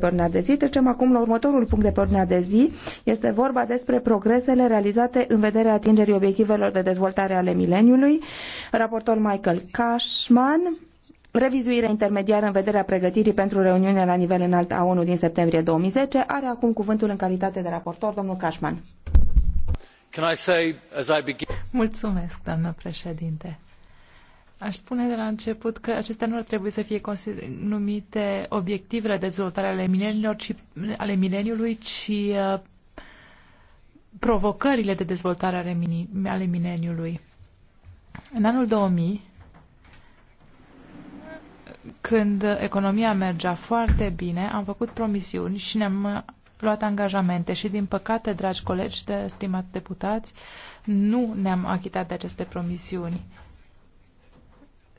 pe ordinea de zi. Trecem acum la următorul punct de pe ordinea de zi. Este vorba despre progresele realizate în vederea atingerii obiectivelor de dezvoltare ale mileniului. Raportor Michael Cashman, revizuirea intermediară în vederea pregătirii pentru reuniunea la nivel înalt a ONU din septembrie 2010, are acum cuvântul în calitate de raportor domnul Cashman. Can I say, as I begin... Mulțumesc, doamnă președinte. Aș spune de la început că acestea nu ar trebui să fie numite obiectivele de dezvoltare ale mileniilor, ci, ale mileniului, ci uh, provocările de dezvoltare ale, ale mileniului. În anul 2000, când economia mergea foarte bine, am făcut promisiuni și ne-am uh, luat angajamente și, din păcate, dragi colegi, de stimați deputați, nu ne-am achitat de aceste promisiuni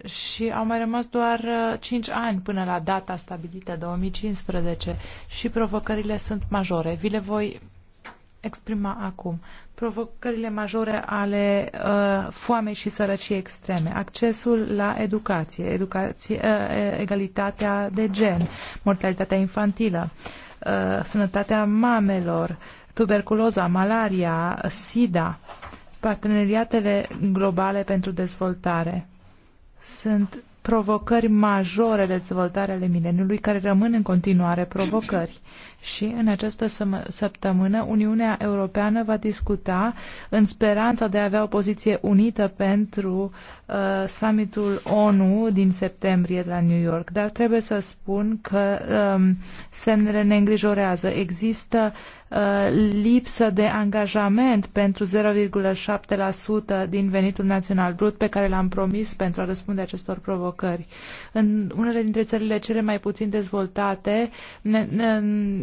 și au mai rămas doar 5 uh, ani până la data stabilită, 2015, și provocările sunt majore. Vi le voi exprima acum. Provocările majore ale uh, foamei și sărăciei extreme, accesul la educație, educație uh, egalitatea de gen, mortalitatea infantilă, uh, sănătatea mamelor, tuberculoza, malaria, SIDA, parteneriatele globale pentru dezvoltare sunt provocări majore de dezvoltare ale mileniului care rămân în continuare provocări. Și în această săptămână Uniunea Europeană va discuta în speranța de a avea o poziție unită pentru uh, summitul ONU din septembrie la New York. Dar trebuie să spun că um, semnele ne îngrijorează. Există uh, lipsă de angajament pentru 0,7% din venitul național brut pe care l-am promis pentru a răspunde acestor provocări. În unele dintre țările cele mai puțin dezvoltate ne, ne,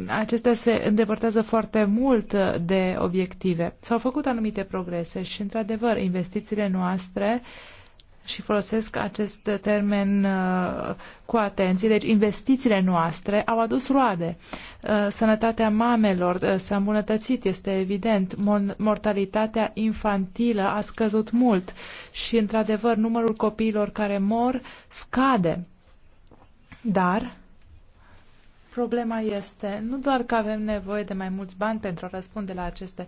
acestea se îndepărtează foarte mult de obiective. S-au făcut anumite progrese și, într-adevăr, investițiile noastre și folosesc acest termen uh, cu atenție. Deci investițiile noastre au adus roade. Uh, sănătatea mamelor uh, s-a îmbunătățit, este evident. Mon- mortalitatea infantilă a scăzut mult și, într-adevăr, numărul copiilor care mor scade. Dar Problema este nu doar că avem nevoie de mai mulți bani pentru a răspunde la aceste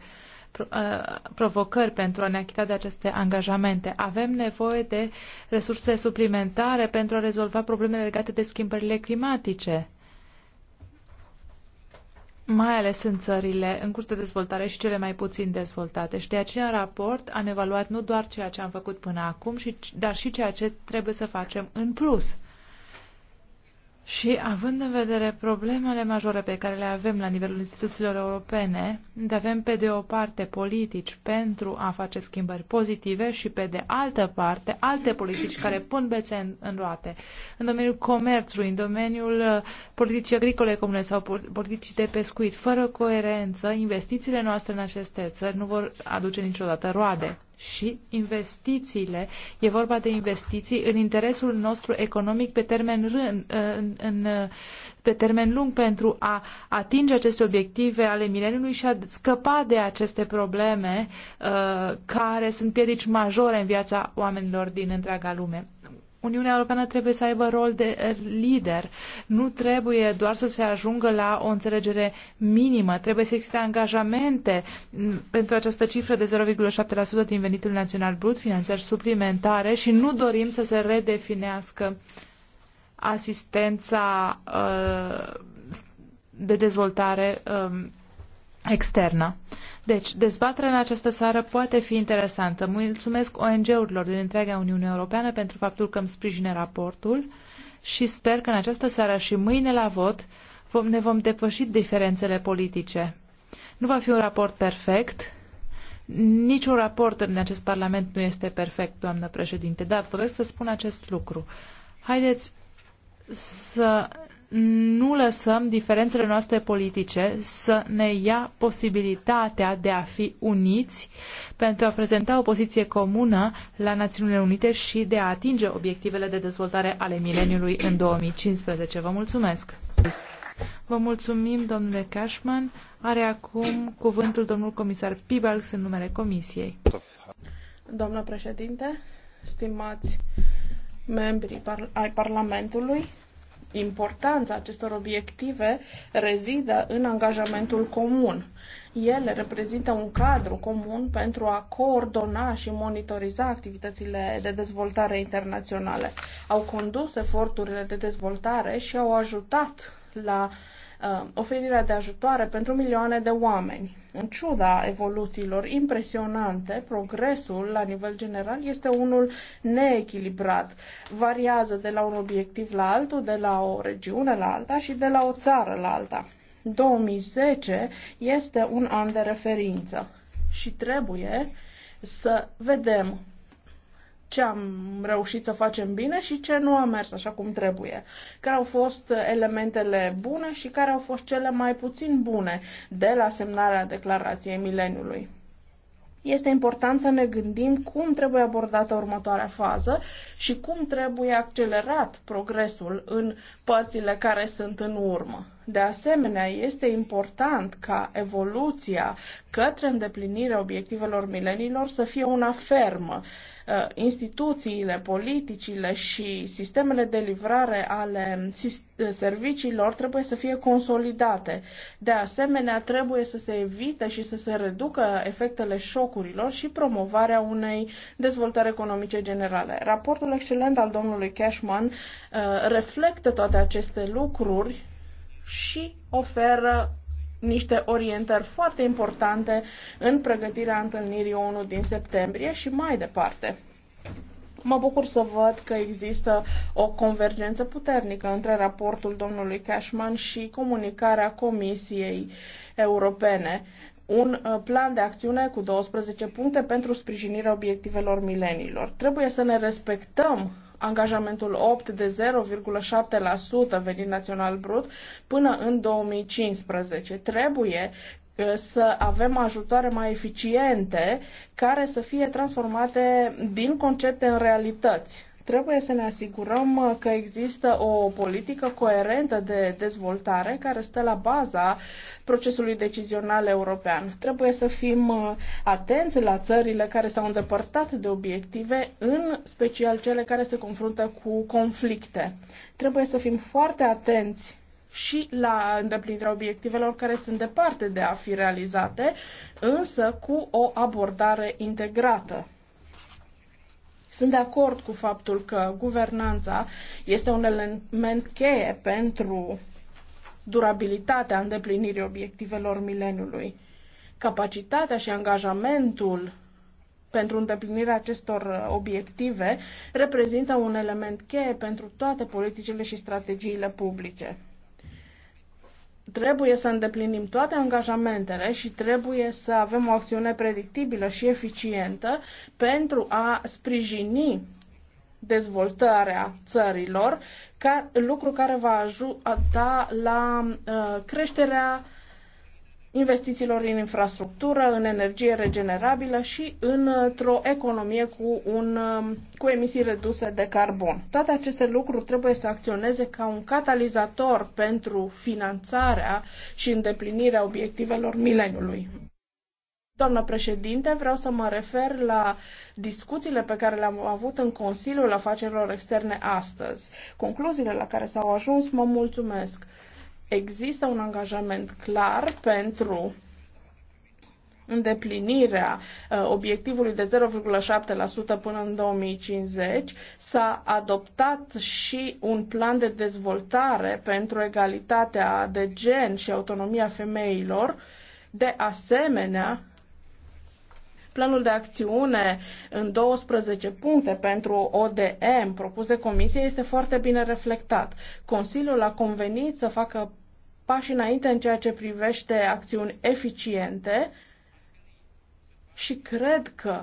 uh, provocări pentru a ne achita de aceste angajamente. Avem nevoie de resurse suplimentare pentru a rezolva problemele legate de schimbările climatice, mai ales în țările în curs de dezvoltare și cele mai puțin dezvoltate. Și de aceea în raport am evaluat nu doar ceea ce am făcut până acum, dar și ceea ce trebuie să facem în plus. Și având în vedere problemele majore pe care le avem la nivelul instituțiilor europene, de avem pe de o parte politici pentru a face schimbări pozitive și pe de altă parte alte politici care pun bețe în, în roate. În domeniul comerțului, în domeniul uh, politicii agricole comune sau politicii de pescuit, fără coerență, investițiile noastre în aceste țări nu vor aduce niciodată roade și investițiile. E vorba de investiții în interesul nostru economic pe termen, rând, în, în, pe termen lung pentru a atinge aceste obiective ale mileniului și a scăpa de aceste probleme uh, care sunt piedici majore în viața oamenilor din întreaga lume. Uniunea Europeană trebuie să aibă rol de eh, lider. Nu trebuie doar să se ajungă la o înțelegere minimă. Trebuie să existe angajamente mm, pentru această cifră de 0,7% din venitul național brut, finanțări suplimentare și nu dorim să se redefinească asistența eh, de dezvoltare eh, externă. Deci, dezbaterea în această seară poate fi interesantă. Mulțumesc ONG-urilor din întreaga Uniune Europeană pentru faptul că îmi sprijine raportul și sper că în această seară și mâine la vot vom, ne vom depăși diferențele politice. Nu va fi un raport perfect. Niciun raport în acest Parlament nu este perfect, doamnă președinte, dar doresc să spun acest lucru. Haideți să nu lăsăm diferențele noastre politice să ne ia posibilitatea de a fi uniți pentru a prezenta o poziție comună la Națiunile Unite și de a atinge obiectivele de dezvoltare ale mileniului în 2015. Vă mulțumesc! Vă mulțumim, domnule Cashman. Are acum cuvântul domnul comisar Pibalx în numele Comisiei. Doamna președinte, stimați membrii par ai Parlamentului, importanța acestor obiective rezidă în angajamentul comun. Ele reprezintă un cadru comun pentru a coordona și monitoriza activitățile de dezvoltare internaționale. Au condus eforturile de dezvoltare și au ajutat la uh, uh, oferirea de ajutoare pentru milioane de oameni. În ciuda evoluțiilor impresionante, progresul la nivel general este unul neechilibrat. Variază de la un obiectiv la altul, de la o regiune la alta și de la o țară la alta. 2010 este un an de referință și trebuie să vedem ce am reușit să facem bine și ce nu a mers așa cum trebuie. Care au fost elementele bune și care au fost cele mai puțin bune de la semnarea declarației mileniului. Este important să ne gândim cum trebuie abordată următoarea fază și cum trebuie accelerat progresul în părțile care sunt în urmă. De asemenea, este important ca evoluția către îndeplinirea obiectivelor milenilor să fie una fermă Uh, instituțiile, politicile și sistemele de livrare ale uh, serviciilor trebuie să fie consolidate. De asemenea, trebuie să se evite și să se reducă efectele șocurilor și promovarea unei dezvoltări economice generale. Raportul excelent al domnului Cashman uh, reflectă toate aceste lucruri și oferă niște orientări foarte importante în pregătirea întâlnirii ONU din septembrie și mai departe. Mă bucur să văd că există o convergență puternică între raportul domnului Cashman și comunicarea Comisiei Europene un uh, plan de acțiune cu 12 puncte pentru sprijinirea obiectivelor milenilor. Trebuie să ne respectăm angajamentul 8 de 0,7% venit național brut până în 2015. Trebuie uh, să avem ajutoare mai eficiente care să fie transformate din concepte în realități Trebuie să ne asigurăm uh, că există o politică coerentă de dezvoltare care stă la baza procesului decizional european. Trebuie să fim uh, atenți la țările care s-au îndepărtat de obiective, în special cele care se confruntă cu conflicte. Trebuie să fim foarte atenți și la îndeplinirea obiectivelor care sunt departe de a fi realizate, însă cu o abordare integrată. Sunt de acord cu faptul că guvernanța este un element cheie pentru durabilitatea îndeplinirii obiectivelor mileniului. Capacitatea și angajamentul pentru îndeplinirea acestor uh, obiective reprezintă un element cheie pentru toate politicile și strategiile publice. Trebuie să îndeplinim toate angajamentele și trebuie să avem o acțiune predictibilă și eficientă pentru a sprijini dezvoltarea țărilor, ca, lucru care va ajuta la uh, creșterea investițiilor în infrastructură, în energie regenerabilă și într-o economie cu, un, cu emisii reduse de carbon. Toate aceste lucruri trebuie să acționeze ca un catalizator pentru finanțarea și îndeplinirea obiectivelor mileniului. Doamnă președinte, vreau să mă refer la discuțiile pe care le-am avut în Consiliul Afacerilor Externe astăzi. Concluziile la care s-au ajuns mă mulțumesc. Există un angajament clar pentru îndeplinirea uh, obiectivului de 0,7% până în 2050, s-a adoptat și un plan de dezvoltare pentru egalitatea de gen și autonomia femeilor. De asemenea, planul de acțiune în 12 puncte pentru ODM propus de Comisie este foarte bine reflectat. Consiliul a convenit să facă pași înainte în ceea ce privește acțiuni eficiente și cred că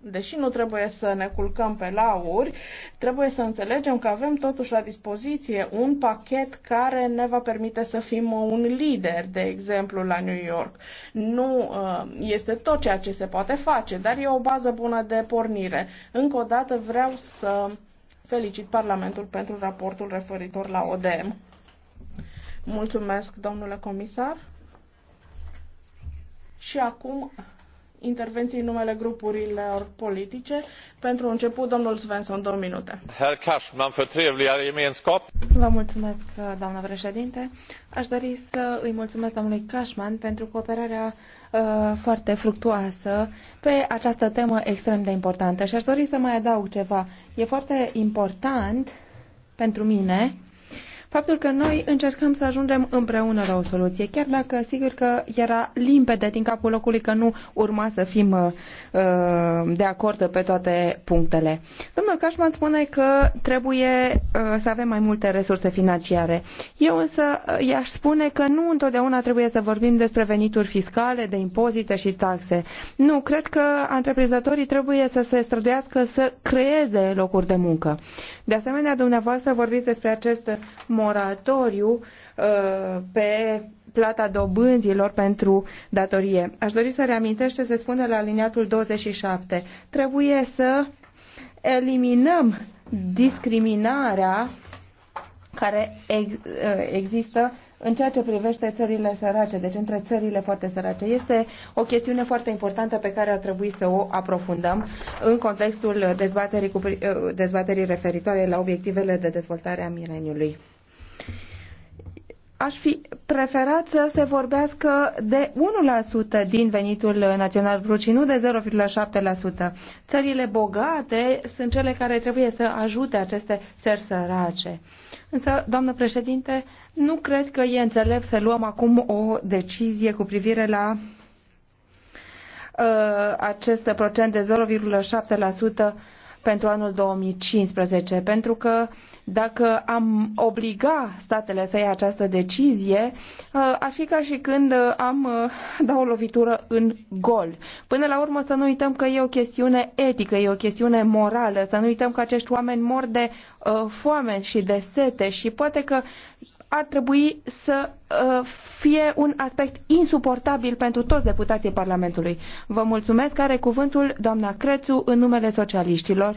deși nu trebuie să ne culcăm pe lauri, trebuie să înțelegem că avem totuși la dispoziție un pachet care ne va permite să fim un lider, de exemplu, la New York. Nu uh, este tot ceea ce se poate face, dar e o bază bună de pornire. Încă o dată vreau să felicit Parlamentul pentru raportul referitor la ODM. Mulțumesc, domnule comisar. Și acum intervenții în numele grupurilor politice. Pentru început, domnul Svensson, două minute. Herr Cashman, för trevligare gemenskap. Vă mulțumesc, doamna președinte. Aș dori să îi mulțumesc domnului Cashman pentru cooperarea uh, foarte fructuoasă pe această temă extrem de importantă. Și aș dori să mai adaug ceva. E foarte important pentru mine faptul că noi încercăm să ajungem împreună la o soluție, chiar dacă sigur că era limpede din capul locului că nu urma să fim uh, uh de acord pe toate punctele. Domnul Cașman spune că trebuie uh, să avem mai multe resurse financiare. Eu însă uh, i-aș spune că nu întotdeauna trebuie să vorbim despre venituri fiscale, de impozite și taxe. Nu, cred că antreprizătorii trebuie să se străduiască să creeze locuri de muncă. De asemenea, dumneavoastră vorbiți despre acest moratoriu uh, pe plata dobânzilor pentru datorie. Aș dori să reamintesc ce se spune la aliniatul 27. Trebuie să eliminăm discriminarea care uh, există în ceea ce privește țările sărace, deci între țările foarte sărace. Este o chestiune foarte importantă pe care ar trebui să o aprofundăm în contextul dezbaterii, cu, uh, dezbaterii referitoare la obiectivele de dezvoltare a mileniului aș fi preferat să se vorbească de 1% din venitul național brut și nu de 0,7%. Țările bogate sunt cele care trebuie să ajute aceste țări sărace. Însă, doamnă președinte, nu cred că e înțelept să luăm acum o decizie cu privire la uh, acest procent de 0,7% pentru anul 2015, pentru că uh, dacă am obliga statele să ia această decizie, uh, ar fi ca și când uh, am uh, da o lovitură în gol. Până la urmă să nu uităm că e o chestiune etică, e o chestiune morală, să nu uităm că acești oameni mor de foame și de sete și poate că ar trebui să fie un aspect insuportabil pentru toți deputații Parlamentului. Vă mulțumesc. Are cuvântul doamna Crețu în numele socialiștilor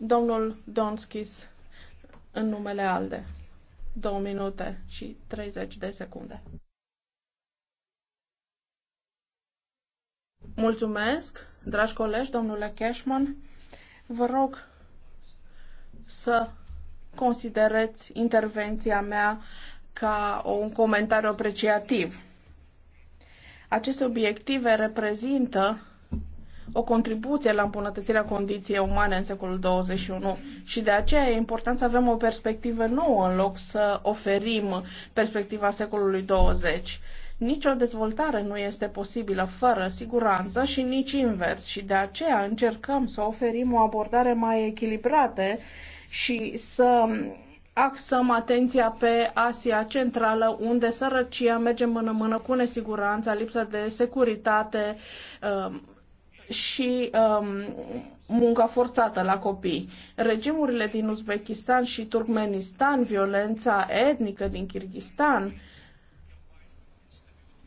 Domnul Donskis, în numele ALDE, 2 minute și 30 de secunde. Mulțumesc, dragi colegi, domnule Cashman. Vă rog să considerați intervenția mea ca un comentariu apreciativ. Aceste obiective reprezintă o contribuție la îmbunătățirea condiției umane în secolul 21 și de aceea e important să avem o perspectivă nouă în loc să oferim perspectiva secolului 20. Nicio dezvoltare nu este posibilă fără siguranță și nici invers și de aceea încercăm să oferim o abordare mai echilibrată și să axăm atenția pe Asia Centrală, unde sărăcia merge mână-mână cu nesiguranța, lipsa de securitate, um, și um, munca forțată la copii. Regimurile din Uzbekistan și Turkmenistan, violența etnică din Kirghistan,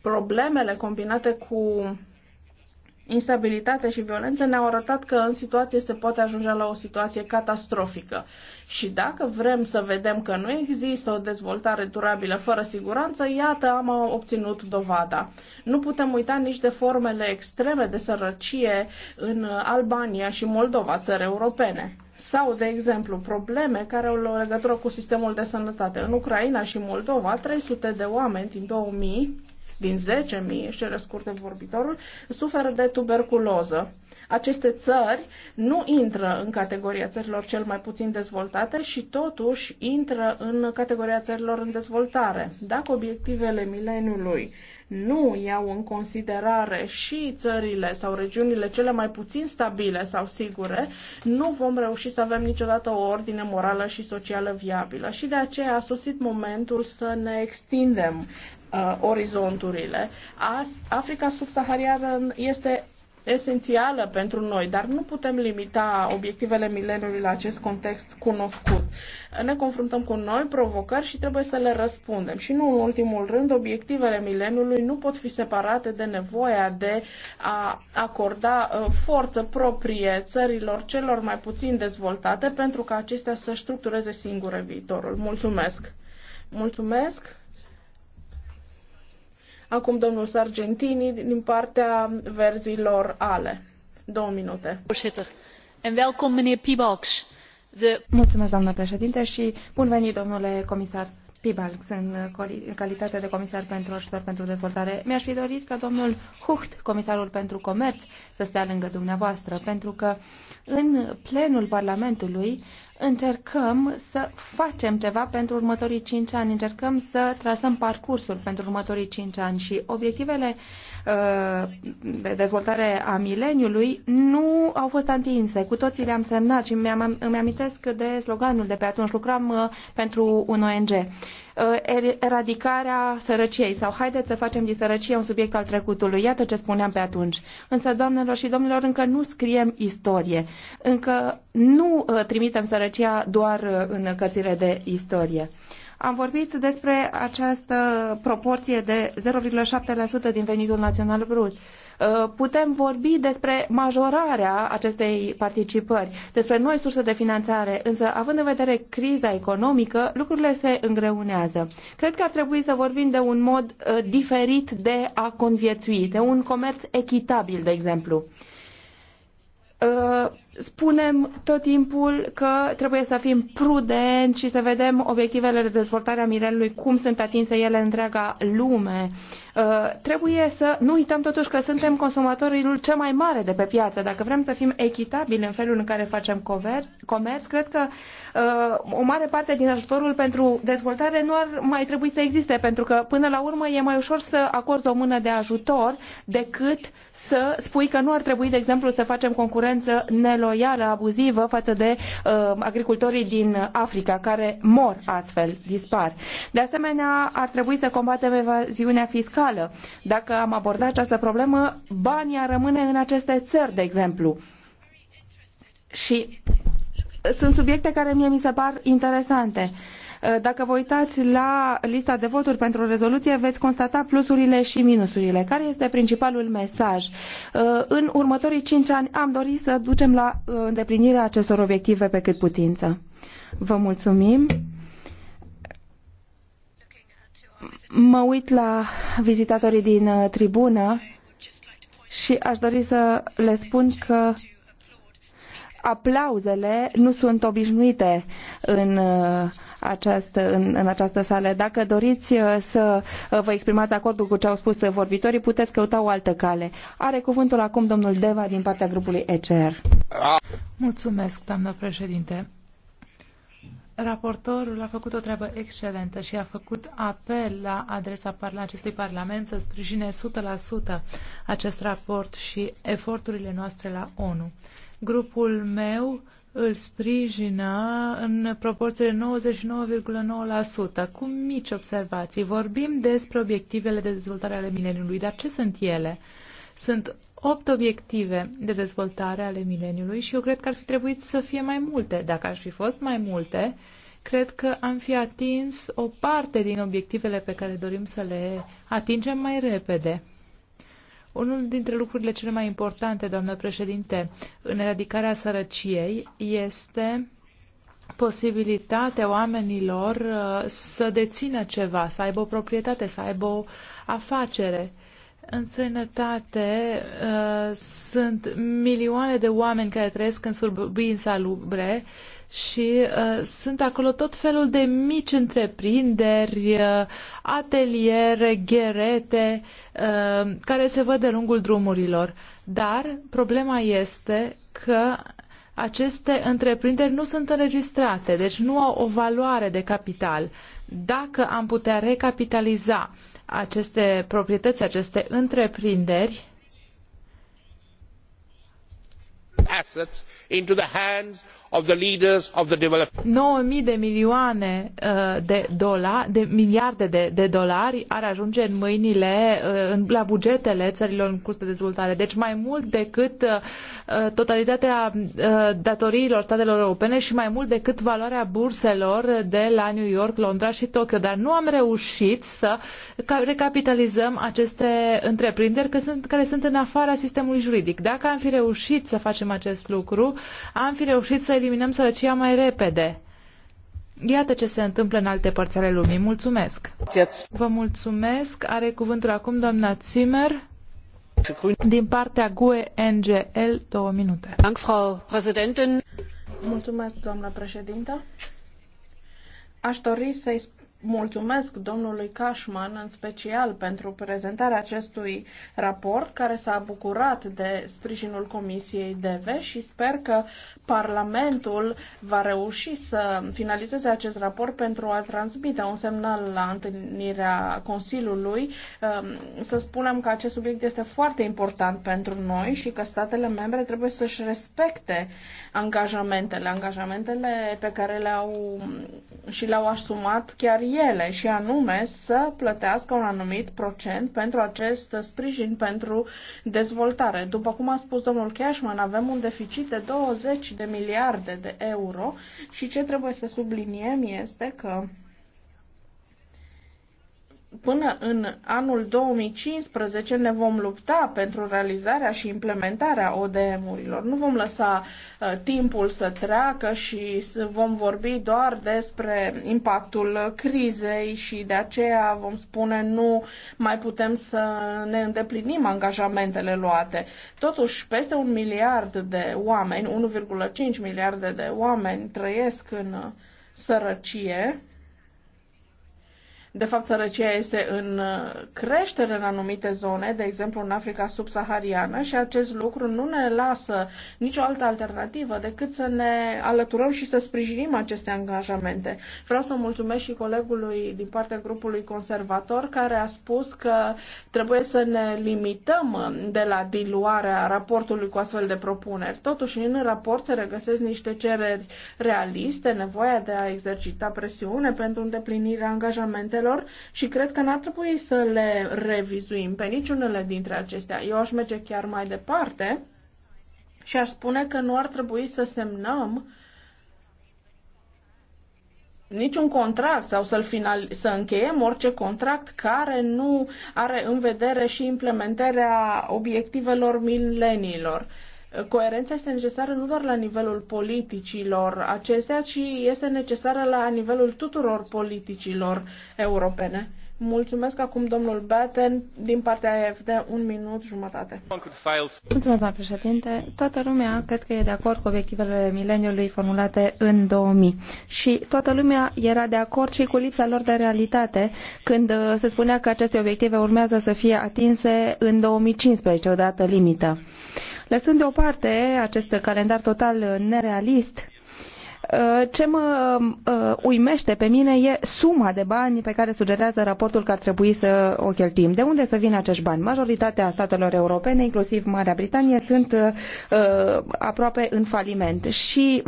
problemele combinate cu instabilitatea și violența ne-au arătat că în situație se poate ajunge la o situație catastrofică. Și dacă vrem să vedem că nu există o dezvoltare durabilă fără siguranță, iată, am obținut dovada. Nu putem uita nici de formele extreme de sărăcie în Albania și Moldova, țări europene. Sau, de exemplu, probleme care au legătură cu sistemul de sănătate. În Ucraina și Moldova, 300 de oameni din 2000 din 10.000, și răscurte vorbitorul, suferă de tuberculoză. Aceste țări nu intră în categoria țărilor cel mai puțin dezvoltate și totuși intră în categoria țărilor în dezvoltare. Dacă obiectivele mileniului nu iau în considerare și țările sau regiunile cele mai puțin stabile sau sigure, nu vom reuși să avem niciodată o ordine morală și socială viabilă. Și de aceea a sosit momentul să ne extindem uh, orizonturile. Africa subsahariană este esențială pentru noi, dar nu putem limita obiectivele mileniului la acest context cunoscut. Ne confruntăm cu noi provocări și trebuie să le răspundem. Și nu în ultimul rând, obiectivele mileniului nu pot fi separate de nevoia de a acorda uh, forță proprie țărilor celor mai puțin dezvoltate pentru ca acestea să structureze singure viitorul. Mulțumesc! Mulțumesc! Acum domnul Sargentini din partea verzilor ale. Două minute. En welkom meneer De... Mulțumesc, doamnă președinte, și bun venit, domnule comisar Pibalx, în calitate de comisar pentru ajutor pentru dezvoltare. Mi-aș fi dorit ca domnul Hucht, comisarul pentru comerț, să stea lângă dumneavoastră, pentru că în plenul Parlamentului încercăm să facem ceva pentru următorii 5 ani, încercăm să trasăm parcursul pentru următorii 5 ani și obiectivele uh, de dezvoltare a mileniului nu au fost atinse. Cu toții le-am semnat și îmi amintesc de sloganul de pe atunci, lucram uh, pentru un ONG. Uh, eradicarea sărăciei sau haideți să facem din sărăcie un subiect al trecutului. Iată ce spuneam pe atunci. Însă, doamnelor și domnilor, încă nu scriem istorie. Încă nu uh, trimitem sărăcia doar uh, în cărțile de istorie. Am vorbit despre această proporție de 0,7% din venitul național brut. Uh, putem vorbi despre majorarea acestei participări, despre noi surse de finanțare, însă având în vedere criza economică, lucrurile se îngreunează. Cred că ar trebui să vorbim de un mod uh, diferit de a conviețui, de un comerț echitabil, de exemplu uh, spunem tot timpul că trebuie să fim prudenți și să vedem obiectivele de dezvoltare a mirelului, cum sunt atinse ele în întreaga lume. Uh, trebuie să nu uităm totuși că suntem consumatorul cel mai mare de pe piață. Dacă vrem să fim echitabili în felul în care facem comerț, cred că uh, o mare parte din ajutorul pentru dezvoltare nu ar mai trebui să existe, pentru că până la urmă e mai ușor să acorzi o mână de ajutor decât să spui că nu ar trebui, de exemplu, să facem concurență neloială, abuzivă față de uh, agricultorii din Africa care mor astfel, dispar. De asemenea, ar trebui să combatem evaziunea fiscală fiscală. Dacă am abordat această problemă, banii ar rămâne în aceste țări, de exemplu. Și sunt subiecte care mie mi se par interesante. Dacă vă uitați la lista de voturi pentru rezoluție, veți constata plusurile și minusurile. Care este principalul mesaj? În următorii cinci ani am dorit să ducem la îndeplinirea acestor obiective pe cât putință. Vă mulțumim mă uit la vizitatorii din uh, tribună și aș dori să le spun că aplauzele nu sunt obișnuite în uh, această, în, în această sală. Dacă doriți uh, să vă exprimați acordul cu ce au spus vorbitorii, puteți căuta o altă cale. Are cuvântul acum domnul Deva din partea grupului ECR. Mulțumesc, doamnă președinte. Raportorul a făcut o treabă excelentă și a făcut apel la adresa acestui Parlament să sprijine 100% acest raport și eforturile noastre la ONU. Grupul meu îl sprijină în proporție de 99,9%, cu mici observații. Vorbim despre obiectivele de dezvoltare ale mileniului, dar ce sunt ele? Sunt opt obiective de dezvoltare ale mileniului și eu cred că ar fi trebuit să fie mai multe. Dacă ar fi fost mai multe, cred că am fi atins o parte din obiectivele pe care dorim să le atingem mai repede. Unul dintre lucrurile cele mai importante, doamnă președinte, în eradicarea sărăciei este posibilitatea oamenilor uh, să dețină ceva, să aibă o proprietate, să aibă o afacere în străinătate uh, sunt milioane de oameni care trăiesc în surbii insalubre și uh, sunt acolo tot felul de mici întreprinderi, uh, ateliere, gherete, uh, care se văd de lungul drumurilor. Dar problema este că aceste întreprinderi nu sunt înregistrate, deci nu au o valoare de capital. Dacă am putea recapitaliza uh, aceste proprietăți, aceste întreprinderi assets into the hands of the leaders of the 9000 de milioane uh, de dolari, de miliarde de, de dolari ar ajunge în mâinile uh, în, la bugetele țărilor în curs de dezvoltare. Deci mai mult decât uh, totalitatea datoriilor statelor europene și mai mult decât valoarea burselor de la New York, Londra și Tokyo, dar nu am reușit să recapitalizăm aceste întreprinderi că sunt, care sunt în afara sistemului juridic. Dacă am fi reușit să facem acest lucru, am fi reușit să eliminăm sărăcia mai repede. Iată ce se întâmplă în alte părți ale lumii. Mulțumesc! Vă mulțumesc! Are cuvântul acum doamna Zimmer din partea GUE NGL, două minute. Mulțumesc, doamna președintă. Aș dori să-i mulțumesc domnului Cashman în special pentru prezentarea acestui raport care s-a bucurat de sprijinul Comisiei DV și sper că Parlamentul va reuși să finalizeze acest raport pentru a transmite un semnal la întâlnirea Consiliului um, să spunem că acest subiect este foarte important pentru noi și că statele membre trebuie să-și respecte angajamentele, angajamentele pe care le-au și le-au asumat chiar ele și anume să plătească un anumit procent pentru acest sprijin pentru dezvoltare. După cum a spus domnul Cashman, avem un deficit de 20 de miliarde de euro și ce trebuie să subliniem este că până în anul 2015 ne vom lupta pentru realizarea și implementarea ODM-urilor. Nu vom lăsa uh, timpul să treacă și vom vorbi doar despre impactul crizei și de aceea vom spune nu mai putem să ne îndeplinim angajamentele luate. Totuși, peste un miliard de oameni, 1,5 miliarde de oameni trăiesc în uh, sărăcie de fapt, sărăcia este în uh, creștere în anumite zone, de exemplu în Africa subsahariană și acest lucru nu ne lasă nicio altă alternativă decât să ne alăturăm și să sprijinim aceste angajamente. Vreau să mulțumesc și colegului din partea grupului conservator care a spus că trebuie să ne limităm um, de la diluarea raportului cu astfel de propuneri. Totuși, în raport se regăsesc niște cereri realiste, nevoia de a exercita presiune pentru îndeplinirea angajamentelor datelor și cred că n-ar trebui să le revizuim pe niciunele dintre acestea. Eu aș merge chiar mai departe și aș spune că nu ar trebui să semnăm niciun contract sau să-l final, să încheiem orice contract care nu are în vedere și implementarea obiectivelor mileniilor. Uh, Coerența este necesară nu doar la nivelul politicilor acestea, ci este necesară la nivelul tuturor politicilor europene. Mulțumesc acum domnul Batten din partea AFD, un minut jumătate. Mulțumesc, doamna președinte. Toată lumea cred că e de acord cu obiectivele mileniului formulate în 2000 și toată lumea era de acord și cu lipsa lor de realitate când uh, se spunea că aceste obiective urmează să fie atinse în 2015, odată dată limită. Lăsând deoparte acest calendar total nerealist, Uh, ce mă uh, uimește pe mine e suma de bani pe care sugerează raportul că ar trebui să o cheltuim. De unde să vină acești bani? Majoritatea statelor europene, inclusiv Marea Britanie, sunt uh, aproape în faliment și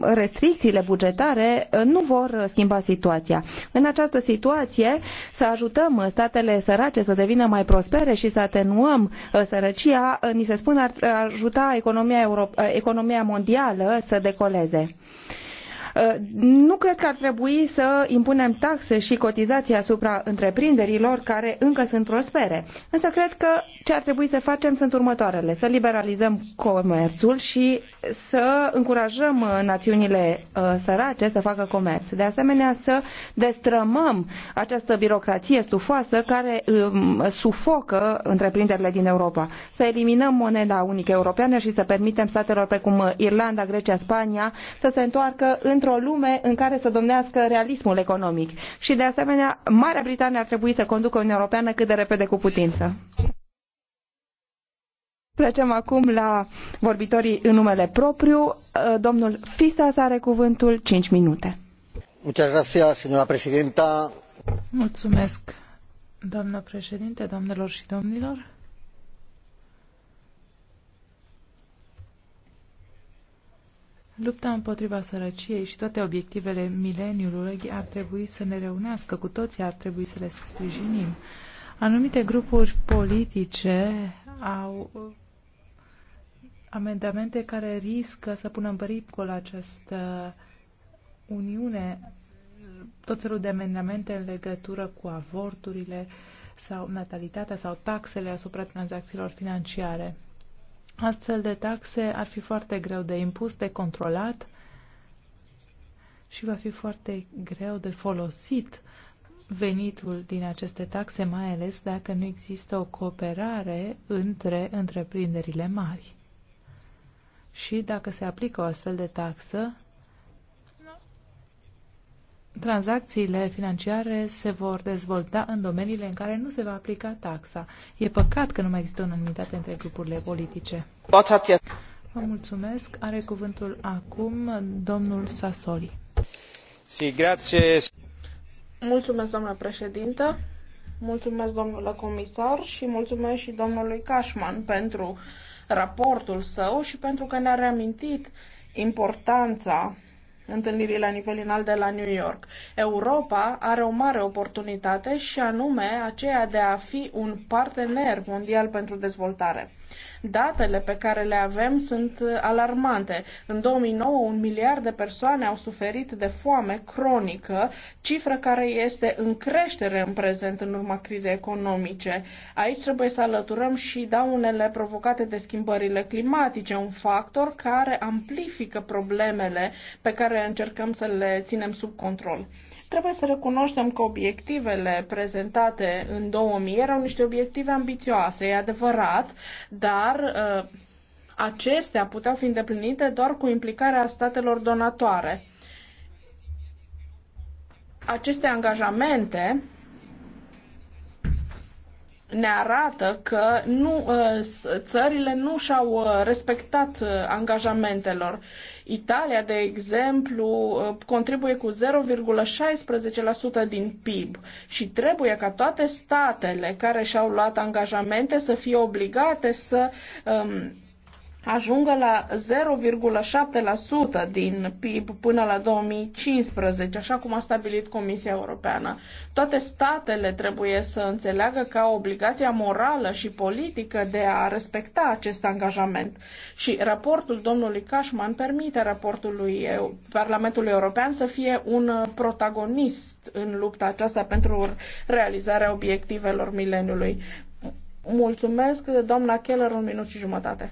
restricțiile bugetare nu vor schimba situația. În această situație să ajutăm statele sărace să devină mai prospere și să atenuăm sărăcia, ni se spune ar ajuta economia, economia mondială să decoleze. Uh, nu cred că ar trebui să impunem taxe și cotizații asupra întreprinderilor care încă sunt prospere. Însă cred că ce ar trebui să facem sunt următoarele. Să liberalizăm comerțul și să încurajăm uh, națiunile uh, sărace să facă comerț. De asemenea, să destrămăm această birocrație stufoasă care um, sufocă întreprinderile din Europa. Să eliminăm moneda unică europeană și să permitem statelor precum uh, Irlanda, Grecia, Spania să se întoarcă într-o lume în care să domnească realismul economic. Și de asemenea, Marea Britanie ar trebui să conducă Uniunea Europeană cât de repede cu putință. Trecem acum la vorbitorii în numele propriu. Uh, domnul Fisas are cuvântul 5 minute. Mulțumesc, doamnă președinte, doamnelor și domnilor. Lupta împotriva sărăciei și toate obiectivele mileniului ar trebui să ne reunească, cu toții ar trebui să le sprijinim. Anumite grupuri politice au uh, amendamente care riscă să pună în pericol această uniune, tot felul de amendamente în legătură cu avorturile sau natalitatea sau taxele asupra tranzacțiilor financiare. Astfel de taxe ar fi foarte greu de impus, de controlat și va fi foarte greu de folosit venitul din aceste taxe, mai ales dacă nu există o cooperare între întreprinderile mari. Și dacă se aplică o astfel de taxă, tranzacțiile financiare se vor dezvolta în domeniile în care nu se va aplica taxa. E păcat că nu mai există unanimitate între grupurile politice. Vă mulțumesc. Are cuvântul acum domnul Sasoli. Si, grazie. Mulțumesc, doamnă președintă, mulțumesc, domnule comisar și mulțumesc și domnului Cashman pentru raportul său și pentru că ne-a reamintit importanța întâlnirii la nivel înalt de la New York. Europa are o mare oportunitate și anume aceea de a fi un partener mondial pentru dezvoltare. Datele pe care le avem sunt alarmante. În 2009, un miliard de persoane au suferit de foame cronică, cifră care este în creștere în prezent în urma crizei economice. Aici trebuie să alăturăm și daunele provocate de schimbările climatice, un factor care amplifică problemele pe care încercăm să le ținem sub control. Trebuie să recunoaștem că obiectivele prezentate în 2000 erau niște obiective ambițioase, e adevărat, dar uh, acestea puteau fi îndeplinite doar cu implicarea statelor donatoare. Aceste angajamente ne arată că nu, uh, țările nu și-au uh, respectat angajamentelor Italia, de exemplu, uh, contribuie cu 0,16% din PIB și trebuie ca toate statele care și-au luat angajamente să fie obligate să um, ajungă la 0,7% din PIB până la 2015, așa cum a stabilit Comisia Europeană. Toate statele trebuie să înțeleagă că au obligația morală și politică de a respecta acest angajament. Și raportul domnului Cashman permite raportului Parlamentului European să fie un protagonist în lupta aceasta pentru realizarea obiectivelor mileniului. Mulțumesc, doamna Keller, un minut și jumătate.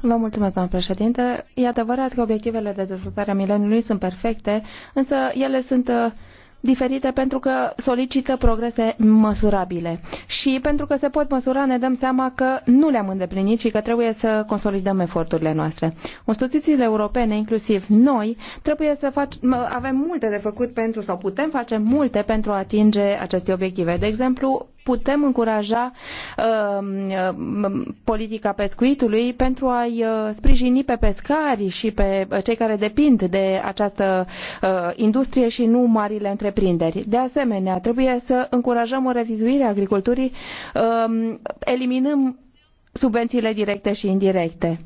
Vă mulțumesc, doamnă președinte. E adevărat că obiectivele de dezvoltare a mileniului sunt perfecte, însă ele sunt uh, diferite pentru că solicită progrese măsurabile. Și pentru că se pot măsura, ne dăm seama că nu le-am îndeplinit și că trebuie să consolidăm eforturile noastre. Instituțiile europene, inclusiv noi, trebuie să fac, avem multe de făcut pentru sau putem face multe pentru a atinge aceste obiective. De exemplu, putem încuraja um, um, politica pescuitului pentru a-i uh, sprijini pe pescari și pe cei care depind de această uh, industrie și nu marile întreprinderi. De asemenea, trebuie să încurajăm o revizuire a agriculturii, um, eliminăm subvențiile directe și indirecte.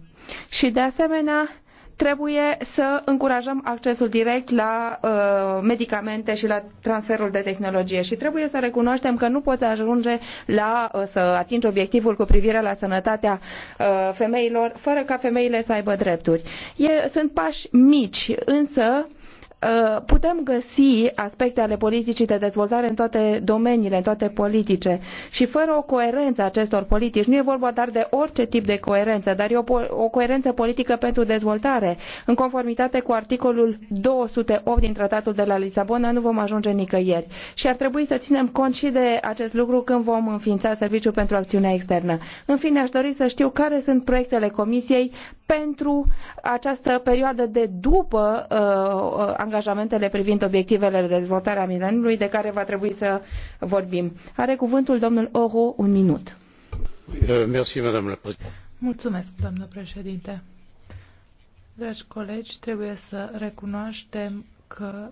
Și de asemenea, Trebuie să încurajăm accesul direct la uh, medicamente și la transferul de tehnologie și trebuie să recunoaștem că nu poți ajunge la uh, să atingi obiectivul cu privire la sănătatea uh, femeilor fără ca femeile să aibă drepturi. E, sunt pași mici, însă uh, Uh, putem găsi aspecte ale politicii de dezvoltare în toate domeniile, în toate politice și fără o coerență a acestor politici, nu e vorba doar de orice tip de coerență, dar e o, o coerență politică pentru dezvoltare. În conformitate cu articolul 208 din Tratatul de la Lisabona nu vom ajunge nicăieri și ar trebui să ținem cont și de acest lucru când vom înființa Serviciul pentru Acțiunea Externă. În fine, aș dori să știu care sunt proiectele Comisiei pentru această perioadă de după uh, uh angajamentele privind obiectivele de dezvoltare a mileniului de care va trebui să vorbim. Are cuvântul domnul Oho un minut. Uh, Mulțumesc, doamnă președinte. Dragi colegi, trebuie să recunoaștem că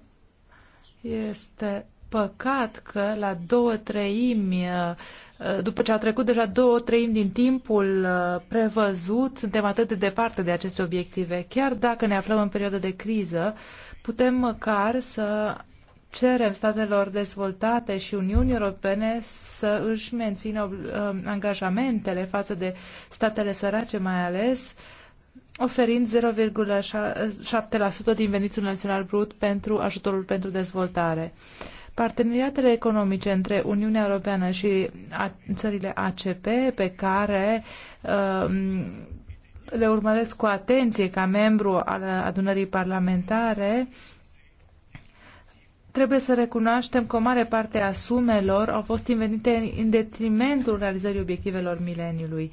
este păcat că la două treimi uh, Eh, după ce a trecut deja două treimi din timpul eh, prevăzut, suntem atât de departe de aceste obiective. Chiar dacă ne aflăm în perioadă de criză, putem măcar să cerem statelor dezvoltate și Uniunii Europene să își mențină eh, angajamentele față de statele sărace mai ales, oferind 0,7% din venitul național brut pentru ajutorul pentru dezvoltare. Parteneriatele economice între Uniunea Europeană și a, țările ACP, pe care uh, le urmăresc cu atenție ca membru al adunării parlamentare, trebuie să recunoaștem că o mare parte a sumelor au fost invenite în detrimentul realizării obiectivelor mileniului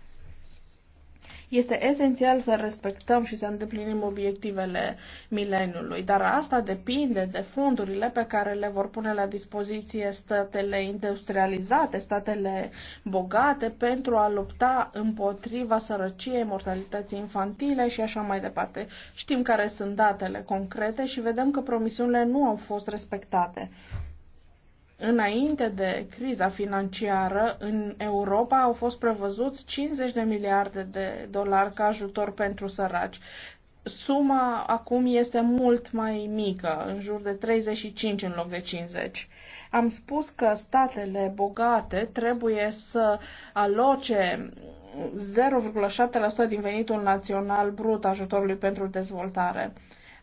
Este esențial să respectăm și să îndeplinim obiectivele mileniului, dar asta depinde de fondurile pe care le vor pune la dispoziție statele industrializate, statele bogate, pentru a lupta împotriva sărăciei, mortalității infantile și așa mai departe. Știm care sunt datele concrete și vedem că promisiunile nu au fost respectate. Înainte de criza financiară, în Europa au fost prevăzuți 50 de miliarde de dolari ca ajutor pentru săraci. Suma acum este mult mai mică, în jur de 35 în loc de 50. Am spus că statele bogate trebuie să aloce 0,7% din venitul național brut ajutorului pentru dezvoltare.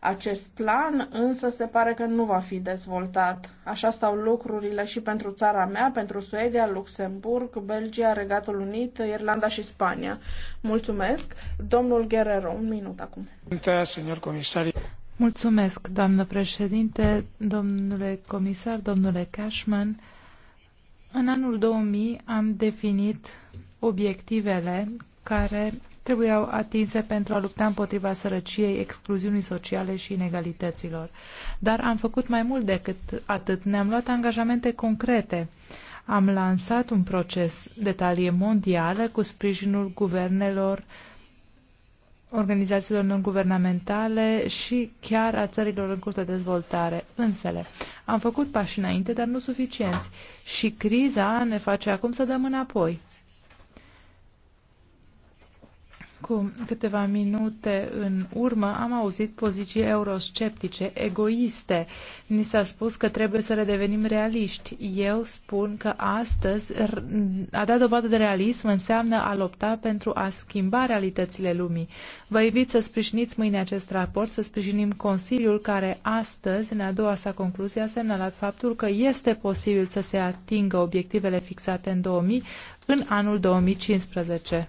Acest plan însă se pare că nu va fi dezvoltat. Așa stau lucrurile și pentru țara mea, pentru Suedia, Luxemburg, Belgia, Regatul Unit, Irlanda și Spania. Mulțumesc. Domnul Guerrero, un minut acum. Mulțumesc, doamnă președinte, domnule comisar, domnule Cashman. În anul 2000 am definit obiectivele care trebuiau atinse pentru a lupta împotriva sărăciei, excluziunii sociale și inegalităților. Dar am făcut mai mult decât atât. Ne-am luat angajamente concrete. Am lansat un proces de talie mondială cu sprijinul guvernelor, organizațiilor non-guvernamentale și chiar a țărilor în curs de dezvoltare însele. Am făcut pași înainte, dar nu suficienți. Și criza ne face acum să dăm înapoi. Cu câteva minute în urmă am auzit poziții eurosceptice, egoiste. Ni s-a spus că trebuie să redevenim realiști. Eu spun că astăzi a da dovadă de realism înseamnă a lupta pentru a schimba realitățile lumii. Vă invit să sprijiniți mâine acest raport, să sprijinim Consiliul care astăzi, în a doua sa concluzie, a semnalat faptul că este posibil să se atingă obiectivele fixate în 2000 în anul 2015.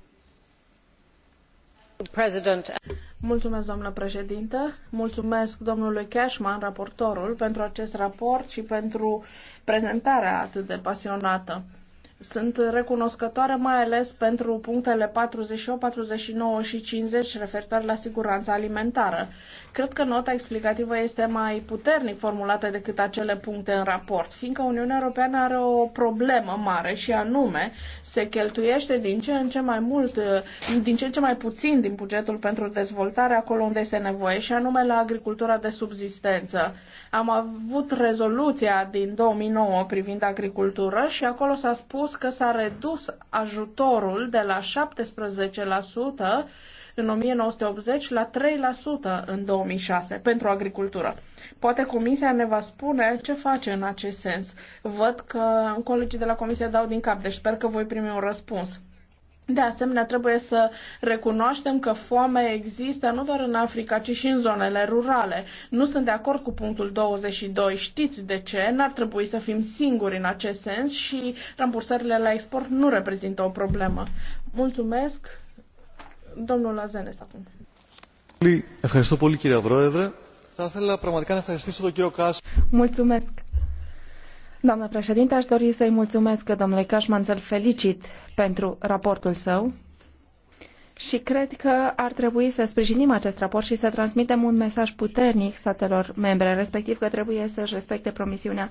Mulțumesc, doamnă președintă. Mulțumesc domnului Cashman, raportorul, pentru acest raport și pentru prezentarea atât de pasionată. Sunt recunoscătoare mai ales pentru punctele 48, 49 și 50 referitoare la siguranța alimentară. Cred că nota explicativă este mai puternic formulată decât acele puncte în raport, fiindcă Uniunea Europeană are o problemă mare și anume se cheltuiește din ce în ce mai mult, din ce în ce mai puțin din bugetul pentru dezvoltare acolo unde este nevoie și anume la agricultura de subzistență. Am avut rezoluția din 2009 privind agricultură și acolo s-a spus că s-a redus ajutorul de la 17% în 1980 la 3% în 2006 pentru agricultură. Poate Comisia ne va spune ce face în acest sens. Văd că colegii de la Comisie dau din cap, deci sper că voi primi un răspuns. De asemenea, trebuie să recunoaștem că foamea există nu doar în Africa, ci și în zonele rurale. Nu sunt de acord cu punctul 22. Știți de ce? N-ar trebui să fim singuri în acest sens și rambursările la export nu reprezintă o problemă. Mulțumesc, domnul Lazenes, acum. Mulțumesc. Doamnă președinte, aș dori să-i mulțumesc domnului Cașman să-l felicit pentru raportul său și cred că ar trebui să sprijinim acest raport și să transmitem un mesaj puternic statelor membre, respectiv că trebuie să-și respecte promisiunea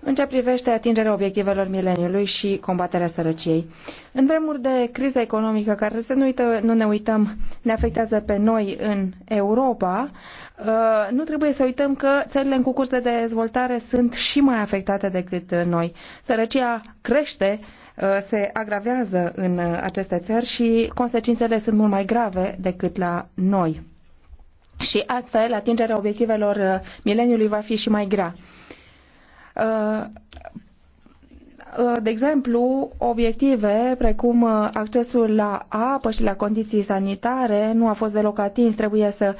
în ce privește atingerea obiectivelor mileniului și combaterea sărăciei. În vremuri de criză economică, care să nu, uită, nu ne uităm, ne afectează pe noi în Europa, uh, nu trebuie să uităm că țările în curs de dezvoltare sunt și mai afectate decât noi. Sărăcia crește Uh, se agravează în uh, aceste țări și consecințele sunt mult mai grave decât la noi. Și astfel, atingerea obiectivelor uh, mileniului va fi și mai grea de exemplu, obiective precum accesul la apă și la condiții sanitare nu a fost deloc atins. Trebuie să,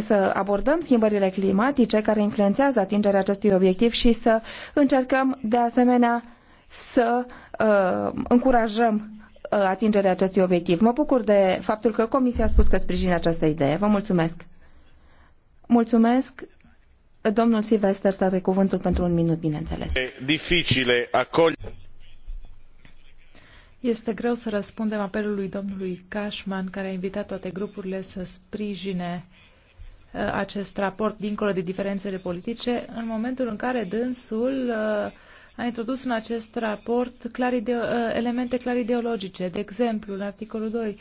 să abordăm schimbările climatice care influențează atingerea acestui obiectiv și să încercăm de asemenea să uh, Uh, încurajăm uh, atingerea acestui obiectiv. Mă bucur de faptul că Comisia a spus că sprijină această idee. Vă mulțumesc. Mulțumesc. Domnul Silvester să are cuvântul pentru un minut, bineînțeles. Dificile, acolo... Este greu să răspundem apelului domnului Cashman, care a invitat toate grupurile să sprijine uh, acest raport dincolo de diferențele politice, în momentul în care dânsul uh, a introdus în acest raport clar ide- ă, elemente clar ideologice. De exemplu, în articolul 2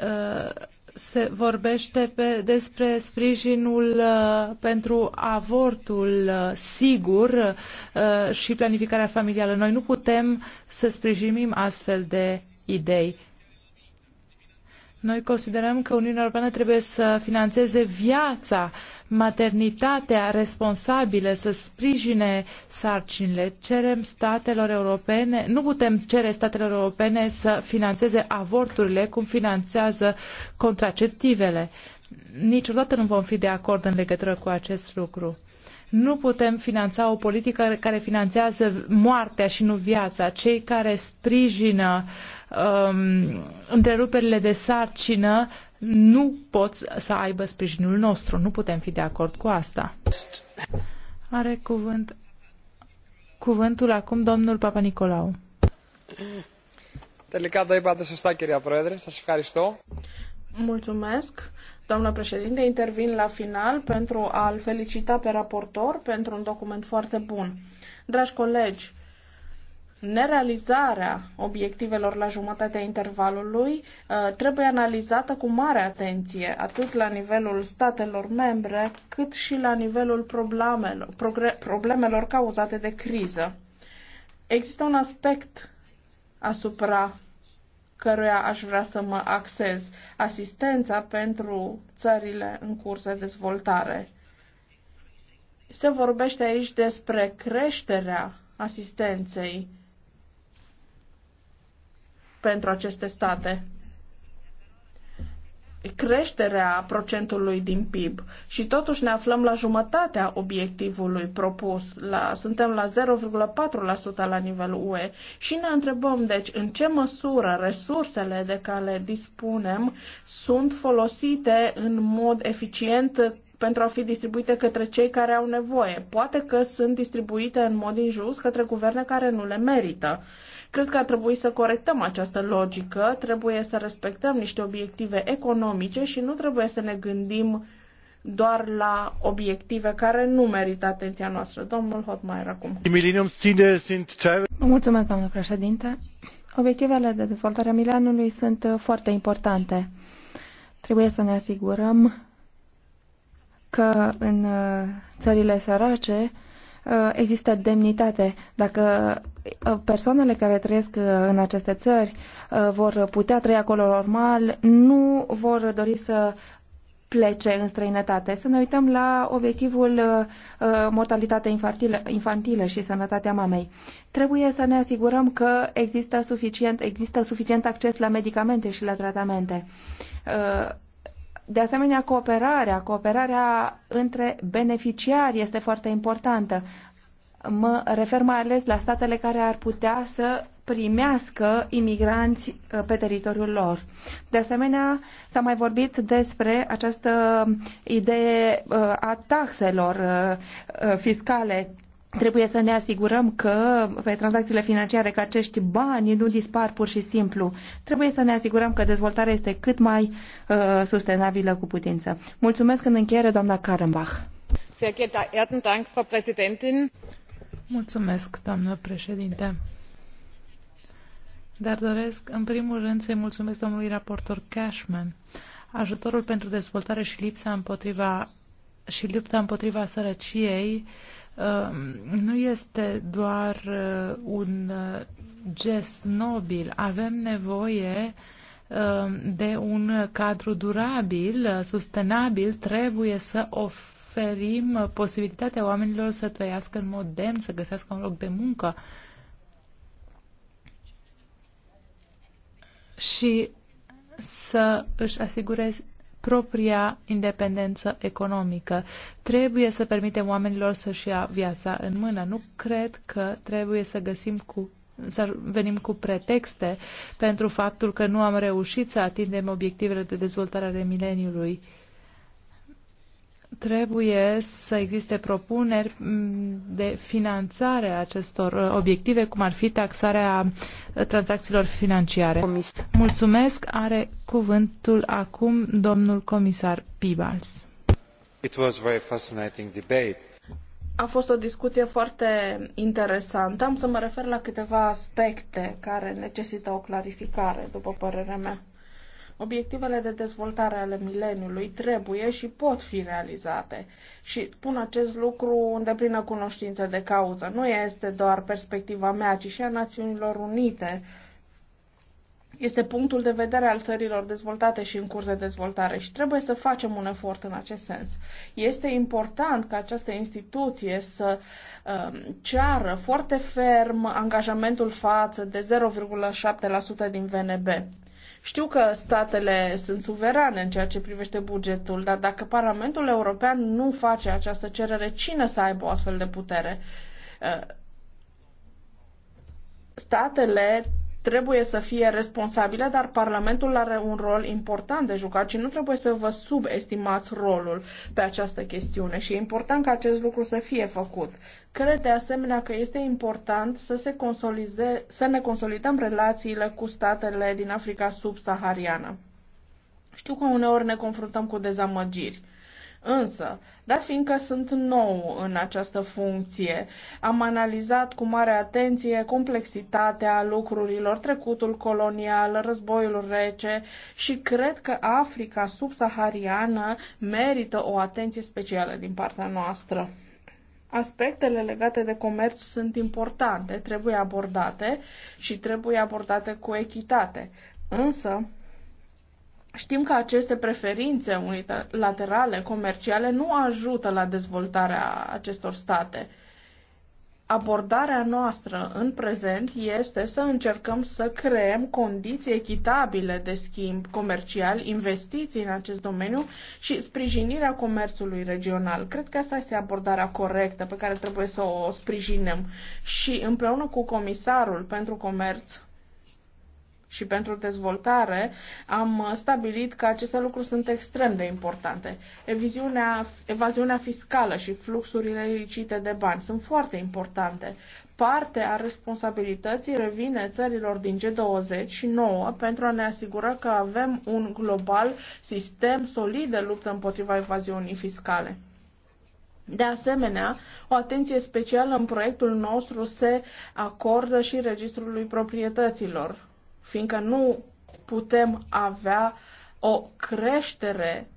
ă, se vorbește pe, despre sprijinul ă, pentru avortul sigur și planificarea familială. Noi nu putem să sprijinim astfel de idei. Noi considerăm că Uniunea Europeană trebuie să financeze viața uh, maternitatea responsabilă să sprijine sarcinile. Cerem statelor europene, nu putem cere statelor europene să financeze avorturile cum finanțează contraceptivele. Niciodată nu vom fi de acord în legătură cu acest lucru. Nu putem finanța o politică care finanțează moartea și nu viața. Cei care sprijină uh, um, întreruperile de sarcină nu pot să aibă sprijinul nostru. Nu putem fi de acord cu asta. Are cuvânt, cuvântul acum domnul Papa Nicolau. să το είπατε σωστά să se Σας ευχαριστώ. Mulțumesc. Doamna președinte, intervin la final pentru a-l felicita pe raportor pentru un document foarte bun. Dragi colegi, nerealizarea obiectivelor la jumătatea intervalului uh, trebuie analizată cu mare atenție, atât la nivelul statelor membre, cât și la nivelul problemelor, problemelor cauzate de criză. Există un aspect asupra căruia aș vrea să mă axez, asistența pentru țările în curs de dezvoltare. Se vorbește aici despre creșterea asistenței pentru aceste state creșterea procentului din PIB și totuși ne aflăm la jumătatea obiectivului propus. La, suntem la 0,4% la nivel UE și ne întrebăm, deci, în ce măsură resursele de care dispunem sunt folosite în mod eficient pentru a fi distribuite către cei care au nevoie. Poate că sunt distribuite în mod injust către guverne care nu le merită. Cred că ar trebui să corectăm această logică, trebuie să respectăm niște obiective economice și nu trebuie să ne gândim doar la obiective care nu merită atenția noastră. Domnul Hotmaier acum. Mulțumesc, doamnă președinte. Obiectivele de dezvoltare a Milanului sunt uh, foarte importante. Trebuie să ne asigurăm că în uh, țările sărace uh, există demnitate. Dacă uh, persoanele care trăiesc în aceste țări vor putea trăi acolo normal, nu vor dori să plece în străinătate. Să ne uităm la obiectivul mortalitatea infantilă, infantilă și sănătatea mamei. Trebuie să ne asigurăm că există suficient, există suficient acces la medicamente și la tratamente de asemenea, cooperarea, cooperarea între beneficiari este foarte importantă. Mă refer mai ales la statele care ar putea să primească imigranți uh, pe teritoriul lor. De asemenea, s-a mai vorbit despre această idee uh, a taxelor uh, fiscale Trebuie să ne asigurăm că pe tranzacțiile financiare că acești bani nu dispar pur și simplu. Trebuie să ne asigurăm că dezvoltarea este cât mai uh, sustenabilă cu putință. Mulțumesc în încheiere, doamna Karenbach. Mulțumesc, doamnă președinte. Dar doresc, în primul rând, să-i mulțumesc domnului raportor Cashman. Ajutorul pentru dezvoltare și lipsa împotriva și lupta împotriva sărăciei uh, Ehm, nu este doar eh, un eh, gest nobil. Avem nevoie ehm, de un cadru durabil, eh, sustenabil, trebuie să oferim posibilitatea oamenilor să trăiască în mod demn, să găsească un loc de muncă. Și să își asigure propria independență economică. Trebuie să permitem oamenilor să-și ia viața în mână. Nu cred că trebuie să găsim cu să venim cu pretexte pentru faptul că nu am reușit să atingem obiectivele de dezvoltare ale mileniului trebuie să existe propuneri mm, de finanțare a acestor uh, obiective, cum ar fi taxarea uh, tranzacțiilor financiare. Comis. Mulțumesc. Are cuvântul acum domnul comisar Pibals. It was very fascinating debate. A fost o discuție foarte interesantă. Am să mă refer la câteva aspecte care necesită o clarificare, după părerea mea. Obiectivele de dezvoltare ale mileniului trebuie și pot fi realizate. Și spun acest lucru în deplină cunoștință de cauză. Nu este doar perspectiva mea, ci și a Națiunilor Unite. Este punctul de vedere al țărilor dezvoltate și în curs de dezvoltare și trebuie să facem un efort în acest sens. Este important ca această instituție să um, ceară foarte ferm angajamentul față de 0,7% din VNB știu că statele sunt suverane în ceea ce privește bugetul, dar dacă Parlamentul European nu face această cerere, cine să aibă o astfel de putere? Uh, statele trebuie să fie responsabile, dar Parlamentul are un rol important de jucat și nu trebuie să vă subestimați rolul pe această chestiune și e important ca acest lucru să fie făcut. Cred de asemenea că este important să, se consolize, să ne consolidăm relațiile cu statele din Africa subsahariană. Știu că uneori ne confruntăm cu dezamăgiri Însă, dat fiindcă sunt nou în această funcție, am analizat cu mare atenție complexitatea lucrurilor, trecutul colonial, războiul rece și cred că Africa subsahariană merită o atenție specială din partea noastră. Aspectele legate de comerț sunt importante, trebuie abordate și trebuie abordate cu echitate. Însă, Știm că aceste preferințe unilaterale, comerciale, nu ajută la dezvoltarea acestor state. Abordarea noastră în prezent este să încercăm să creăm condiții echitabile de schimb comercial, investiții în acest domeniu și sprijinirea comerțului regional. Cred că asta este abordarea corectă pe care trebuie să o sprijinim și împreună cu comisarul pentru comerț și pentru dezvoltare, am stabilit că aceste lucruri sunt extrem de importante. Eviziunea, evaziunea fiscală și fluxurile ilicite de bani sunt foarte importante. Parte a responsabilității revine țărilor din G20 și nouă pentru a ne asigura că avem un global sistem solid de luptă împotriva evaziunii fiscale. De asemenea, o atenție specială în proiectul nostru se acordă și registrului proprietăților fiindcă nu putem avea o creștere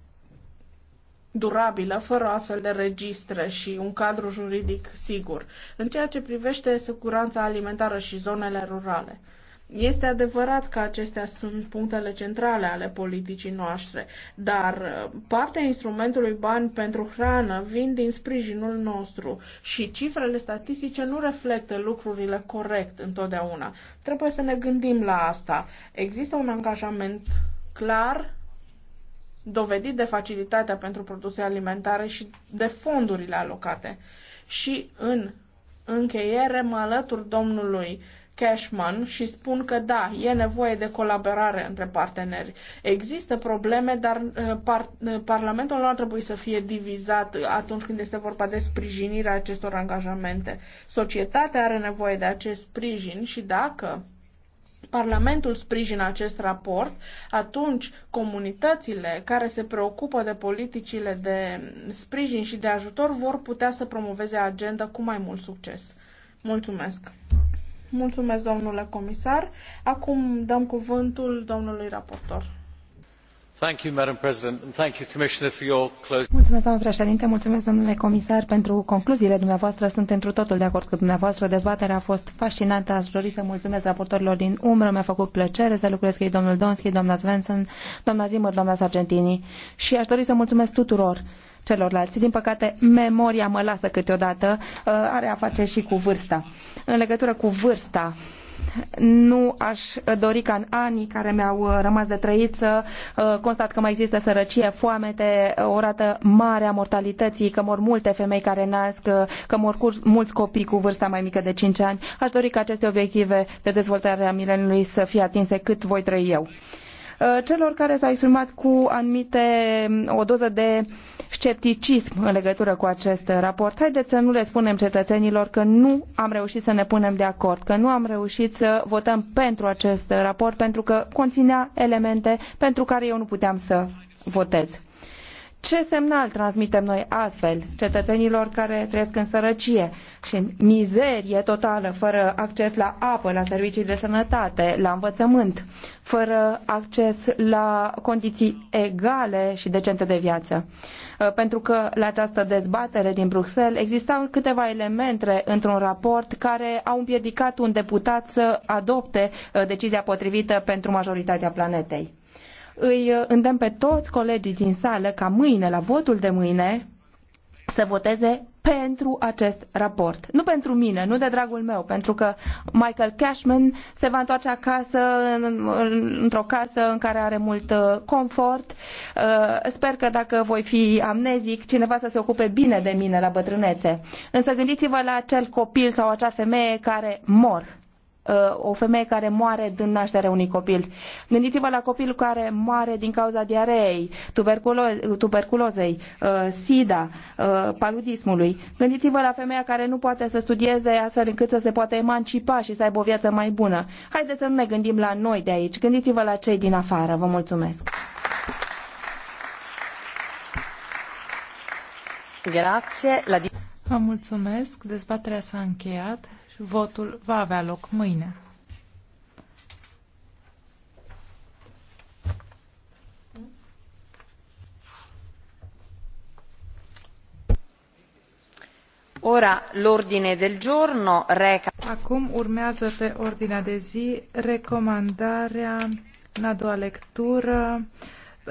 durabilă fără astfel de registre și un cadru juridic sigur în ceea ce privește siguranța alimentară și zonele rurale. Este adevărat că acestea sunt punctele centrale ale politicii noastre, dar uh, partea instrumentului bani pentru hrană vin din sprijinul nostru și cifrele statistice nu reflectă lucrurile corect întotdeauna. Trebuie să ne gândim la asta. Există un angajament clar dovedit de facilitatea pentru produse alimentare și de fondurile alocate. Și în încheiere mă alătur domnului Cashman și spun că da, e nevoie de colaborare între parteneri. Există probleme, dar uh, par, uh, Parlamentul nu ar trebui să fie divizat uh, atunci când este vorba de sprijinirea acestor angajamente. Societatea are nevoie de acest sprijin și dacă Parlamentul sprijină acest raport, atunci comunitățile care se preocupă de politicile de sprijin și de ajutor vor putea să promoveze agenda cu mai mult succes. Mulțumesc! Mulțumesc, domnule comisar. Acum dăm cuvântul domnului raportor. Mulțumesc, doamnă președinte, mulțumesc, domnule comisar, pentru concluziile dumneavoastră. Sunt întru totul de acord cu dumneavoastră. Dezbaterea a fost fascinantă. Aș dori să mulțumesc raportorilor din umbră. Mi-a făcut plăcere să lucrez cu ei, domnul Donski, doamna Svensson, doamna Zimmer, doamna Sargentini. Și aș dori să mulțumesc tuturor celorlalți. Din păcate, memoria mă lasă câteodată, uh, are a face și cu vârsta. În legătură cu vârsta, nu aș dori ca în anii care mi-au uh, rămas de trăit să uh, constat că mai există sărăcie, foamete, o rată mare a mortalității, că mor multe femei care nasc, că mor cu mulți copii cu vârsta mai mică de 5 ani. Aș dori ca aceste obiective de dezvoltare a mileniului să fie atinse cât voi trăi eu. Uh, celor care s-au exprimat cu anumite, um, o doză de scepticism în legătură cu acest raport. Haideți să nu le spunem cetățenilor că nu am reușit să ne punem de acord, că nu am reușit să votăm pentru acest raport, pentru că conținea elemente pentru care eu nu puteam să votez. Ce semnal transmitem noi astfel cetățenilor care trăiesc în sărăcie și în mizerie totală, fără acces la apă, la servicii de sănătate, la învățământ, fără acces la condiții egale și decente de viață? Uh, pentru că la această dezbatere din Bruxelles existau câteva elemente într-un raport care au împiedicat un deputat să adopte uh, decizia potrivită pentru majoritatea planetei îi uh, îndemn pe toți colegii din sală ca mâine, la votul de mâine, să voteze pentru acest raport. Nu pentru mine, nu de dragul meu, pentru că Michael Cashman se va întoarce acasă într-o casă în care are mult uh, confort. Uh, sper că dacă voi fi amnezic, cineva să se ocupe bine de mine la bătrânețe. Însă gândiți-vă la acel copil sau acea femeie care mor Uh, o femeie care moare din nașterea unui copil. Gândiți-vă la copilul care moare din cauza diareei, tuberculo- tuberculozei, uh, SIDA, uh, paludismului. Gândiți-vă la femeia care nu poate să studieze astfel încât să se poată emancipa și să aibă o viață mai bună. Haideți să nu ne gândim la noi de aici. Gândiți-vă la cei din afară. Vă mulțumesc. Grazie. La... Vă mulțumesc. Dezbaterea s-a încheiat. Votul va avea loc mâine. Ora l'ordine del giorno reca. Acum urmează pe ordinea de zi recomandarea în a doua lectură